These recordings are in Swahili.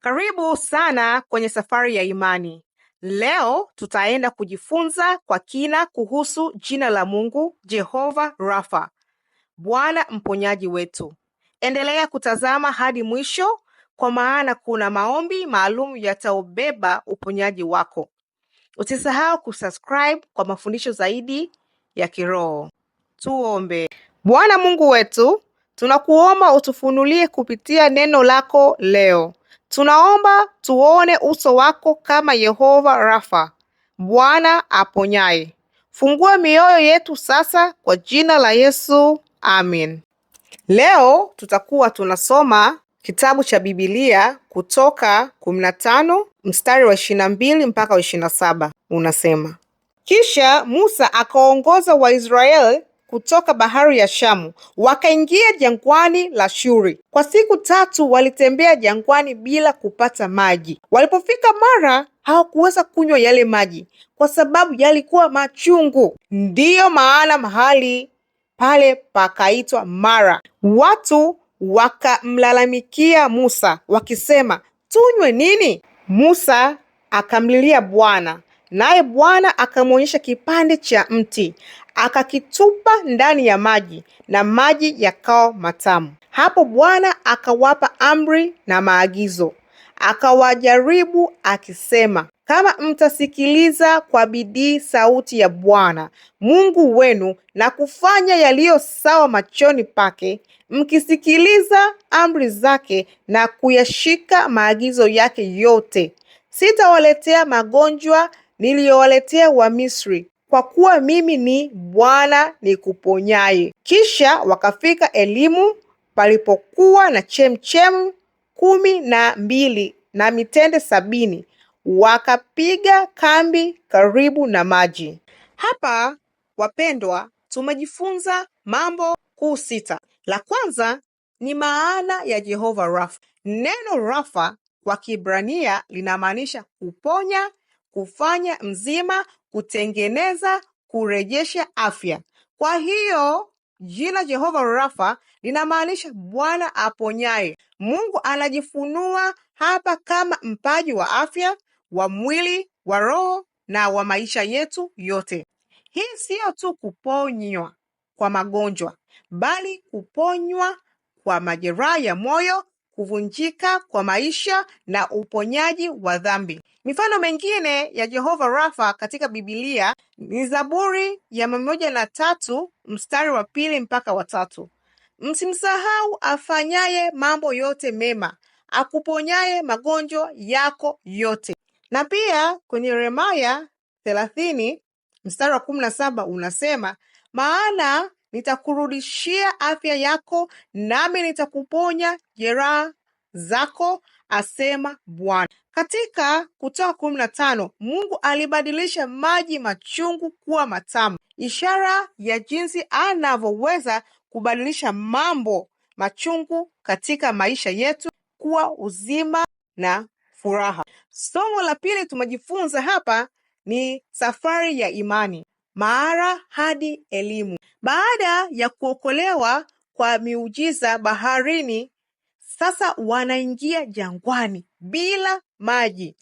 Karibu sana kwenye Safari ya Imani. Leo tutaenda kujifunza kwa kina kuhusu jina la Mungu Jehova Rafa, Bwana mponyaji wetu. Endelea kutazama hadi mwisho, kwa maana kuna maombi maalum yataobeba uponyaji wako. Usisahau kusubscribe kwa mafundisho zaidi ya kiroho. Tuombe. Bwana Mungu wetu, tunakuomba utufunulie kupitia neno lako leo Tunaomba tuone uso wako kama Yehova Rafa, Bwana aponyaye. Fungua mioyo yetu sasa kwa jina la Yesu, amin. Leo tutakuwa tunasoma kitabu cha Biblia Kutoka 15 mstari wa 22 mpaka 27, unasema: Kisha Musa akaongoza Waisraeli kutoka bahari ya Shamu wakaingia jangwani la Shuri. Kwa siku tatu walitembea jangwani bila kupata maji. Walipofika Mara, hawakuweza kunywa yale maji kwa sababu yalikuwa machungu. Ndiyo maana mahali pale pakaitwa Mara. Watu wakamlalamikia Musa wakisema, tunywe nini? Musa akamlilia Bwana, naye Bwana akamwonyesha kipande cha mti akakitupa ndani ya maji, na maji yakawa matamu. Hapo Bwana akawapa amri na maagizo, akawajaribu akisema, kama mtasikiliza kwa bidii sauti ya Bwana Mungu wenu na kufanya yaliyo sawa machoni pake, mkisikiliza amri zake na kuyashika maagizo yake yote, sitawaletea magonjwa niliyowaletea Wamisri, kwa kuwa mimi ni Bwana nikuponyaye. Kisha wakafika Elimu palipokuwa na chemchemu kumi na mbili na mitende sabini, wakapiga kambi karibu na maji. Hapa wapendwa, tumejifunza mambo kuu sita. La kwanza ni maana ya Jehova Rafa. Neno Rafa kwa Kibrania linamaanisha kuponya kufanya mzima, kutengeneza, kurejesha afya. Kwa hiyo jina Jehova Rafa linamaanisha Bwana aponyaye. Mungu anajifunua hapa kama mpaji wa afya wa mwili, wa roho na wa maisha yetu yote. Hii siyo tu kuponywa kwa magonjwa, bali kuponywa kwa majeraha ya moyo, kuvunjika kwa maisha na uponyaji wa dhambi. Mifano mengine ya Jehova Rafa katika bibilia ni Zaburi ya mamoja na tatu mstari wa pili mpaka watatu msimsahau afanyaye mambo yote mema, akuponyaye magonjwa yako yote. Na pia kwenye yeremaya thelathini mstari wa kumi na saba unasema maana nitakurudishia afya yako, nami nitakuponya jeraha zako, asema Bwana. Katika Kutoka kumi na tano, Mungu alibadilisha maji machungu kuwa matamu, ishara ya jinsi anavyoweza kubadilisha mambo machungu katika maisha yetu kuwa uzima na furaha. Somo la pili tumejifunza hapa ni safari ya imani, mahara hadi elimu. Baada ya kuokolewa kwa miujiza baharini sasa wanaingia jangwani bila maji.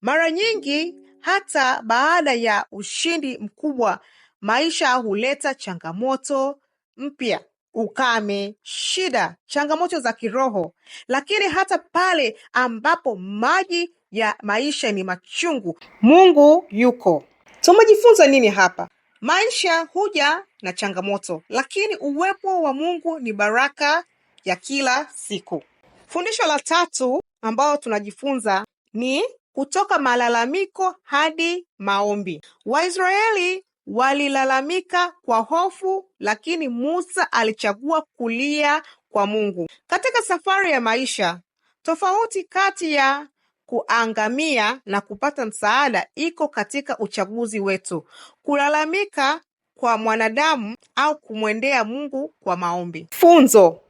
Mara nyingi hata baada ya ushindi mkubwa, maisha huleta changamoto mpya, ukame, shida, changamoto za kiroho. Lakini hata pale ambapo maji ya maisha ni machungu, Mungu yuko. Tumejifunza nini hapa? Maisha huja na changamoto, lakini uwepo wa Mungu ni baraka ya kila siku. Fundisho la tatu ambao tunajifunza ni kutoka malalamiko hadi maombi. Waisraeli walilalamika kwa hofu, lakini Musa alichagua kulia kwa Mungu. Katika safari ya maisha, tofauti kati ya kuangamia na kupata msaada iko katika uchaguzi wetu, kulalamika kwa mwanadamu au kumwendea Mungu kwa maombi. Funzo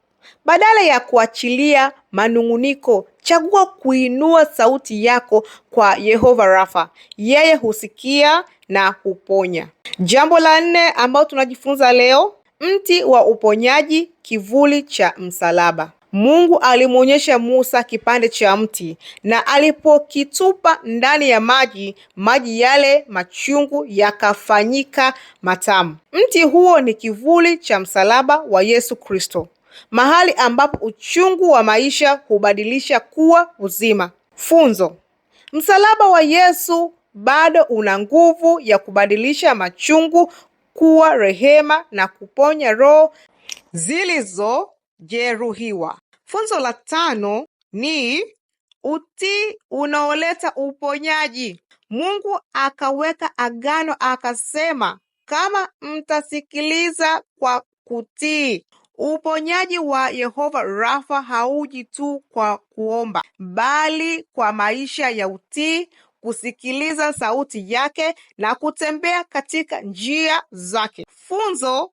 badala ya kuachilia manung'uniko, chagua kuinua sauti yako kwa Yehova Rafa. Yeye husikia na huponya. Jambo la nne ambalo tunajifunza leo, mti wa uponyaji, kivuli cha msalaba. Mungu alimwonyesha Musa kipande cha mti na alipokitupa ndani ya maji, maji yale machungu yakafanyika matamu. Mti huo ni kivuli cha msalaba wa Yesu Kristo mahali ambapo uchungu wa maisha hubadilisha kuwa uzima. Funzo: msalaba wa Yesu bado una nguvu ya kubadilisha machungu kuwa rehema na kuponya roho zilizojeruhiwa. Funzo la tano ni utii unaoleta uponyaji. Mungu akaweka agano, akasema, kama mtasikiliza kwa kutii Uponyaji wa Yehova Rafa hauji tu kwa kuomba bali kwa maisha ya utii, kusikiliza sauti yake na kutembea katika njia zake. Funzo: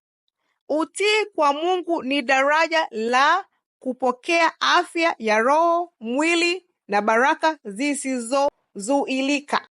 utii kwa Mungu ni daraja la kupokea afya ya roho, mwili na baraka zisizozuilika.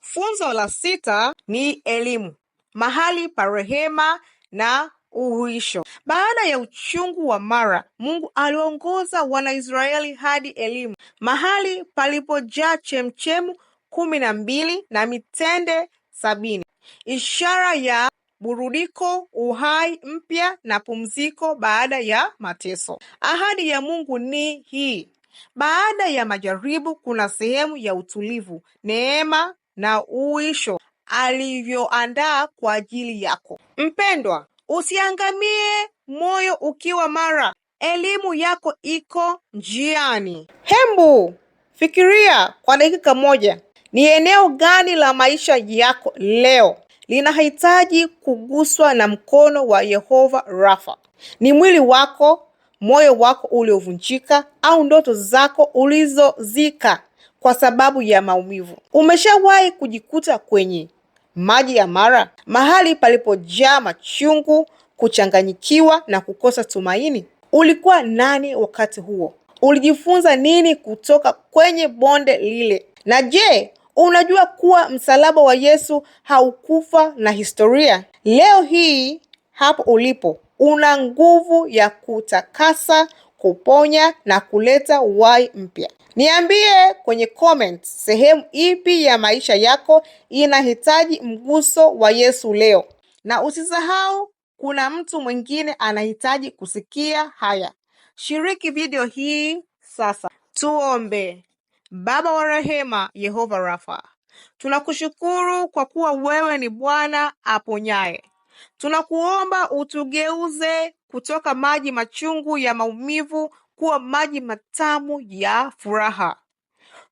Funzo la sita ni elimu, mahali pa rehema na uhuisho. Baada ya uchungu wa Mara, Mungu aliongoza Wanaisraeli hadi Elimu, mahali palipojaa chemchemu kumi na mbili na mitende sabini, ishara ya burudiko, uhai mpya na pumziko baada ya mateso. Ahadi ya Mungu ni hii: baada ya majaribu kuna sehemu ya utulivu, neema na uisho alivyoandaa kwa ajili yako. Mpendwa, Usiangamie moyo ukiwa mara, elimu yako iko njiani. Hembu fikiria kwa dakika moja, ni eneo gani la maisha yako leo linahitaji kuguswa na mkono wa Yehova Rafa? Ni mwili wako, moyo wako uliovunjika, au ndoto zako ulizozika kwa sababu ya maumivu? Umeshawahi kujikuta kwenye maji ya mara, mahali palipojaa machungu, kuchanganyikiwa na kukosa tumaini? Ulikuwa nani wakati huo? Ulijifunza nini kutoka kwenye bonde lile? Na je, unajua kuwa msalaba wa Yesu haukufa na historia? Leo hii hapo ulipo una nguvu ya kutakasa kuponya na kuleta uhai mpya. Niambie kwenye comment sehemu ipi ya maisha yako inahitaji mguso wa Yesu leo, na usisahau kuna mtu mwingine anahitaji kusikia haya. Shiriki video hii sasa. Tuombe. Baba wa rehema, Yehova Rafa, tunakushukuru kwa kuwa wewe ni Bwana aponyaye. Tunakuomba utugeuze kutoka maji machungu ya maumivu kuwa maji matamu ya furaha.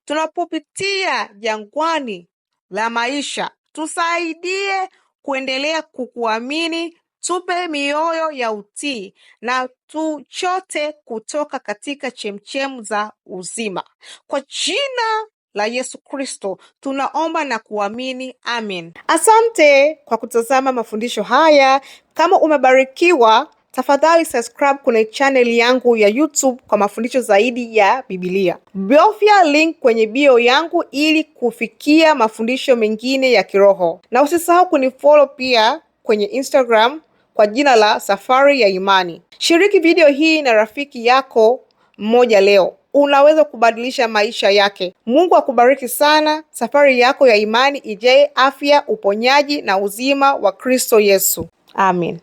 Tunapopitia jangwani la maisha, tusaidie kuendelea kukuamini, tupe mioyo ya utii na tuchote kutoka katika chemchemu za uzima. Kwa jina la Yesu Kristo tunaomba na kuamini, amin. Asante kwa kutazama mafundisho haya. Kama umebarikiwa Tafadhali subscribe kwenye channel yangu ya YouTube kwa mafundisho zaidi ya Biblia. Bofya link kwenye bio yangu ili kufikia mafundisho mengine ya kiroho, na usisahau kunifollow pia kwenye Instagram kwa jina la Safari ya Imani. Shiriki video hii na rafiki yako mmoja leo, unaweza kubadilisha maisha yake. Mungu akubariki sana. Safari yako ya imani ijae afya, uponyaji na uzima wa Kristo Yesu. Amen.